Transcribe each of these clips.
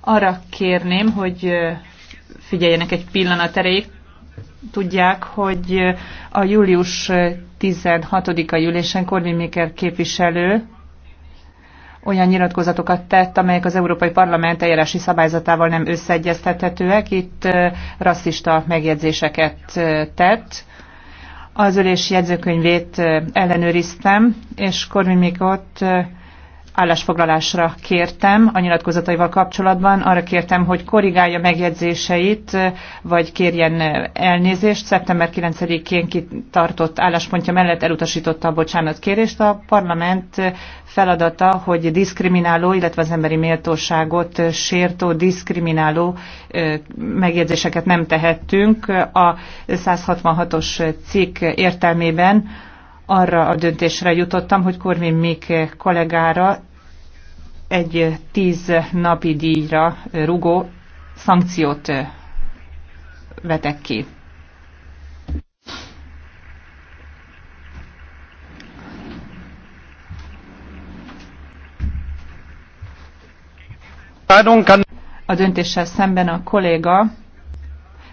arra kérném, hogy figyeljenek egy pillanat erejéig. Tudják, hogy a július 16-a ülésen Korvin Miker képviselő olyan nyilatkozatokat tett, amelyek az Európai Parlament eljárási szabályzatával nem összeegyeztethetőek. Itt rasszista megjegyzéseket tett. Az ülés jegyzőkönyvét ellenőriztem, és Korvin Mikot állásfoglalásra kértem a nyilatkozataival kapcsolatban. Arra kértem, hogy korrigálja megjegyzéseit, vagy kérjen elnézést. Szeptember 9-én kitartott álláspontja mellett elutasította a kérést. A parlament feladata, hogy diszkrimináló, illetve az emberi méltóságot sértó, diszkrimináló megjegyzéseket nem tehettünk. A 166-os cikk értelmében arra a döntésre jutottam, hogy kormi Mik kollégára egy tíz napi díjra rugó szankciót vetek ki. A döntéssel szemben a kolléga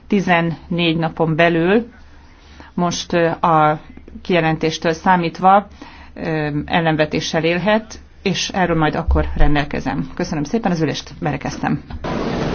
14 napon belül, most a kijelentéstől számítva ellenvetéssel élhet, és erről majd akkor rendelkezem. Köszönöm szépen, az ülést berekeztem.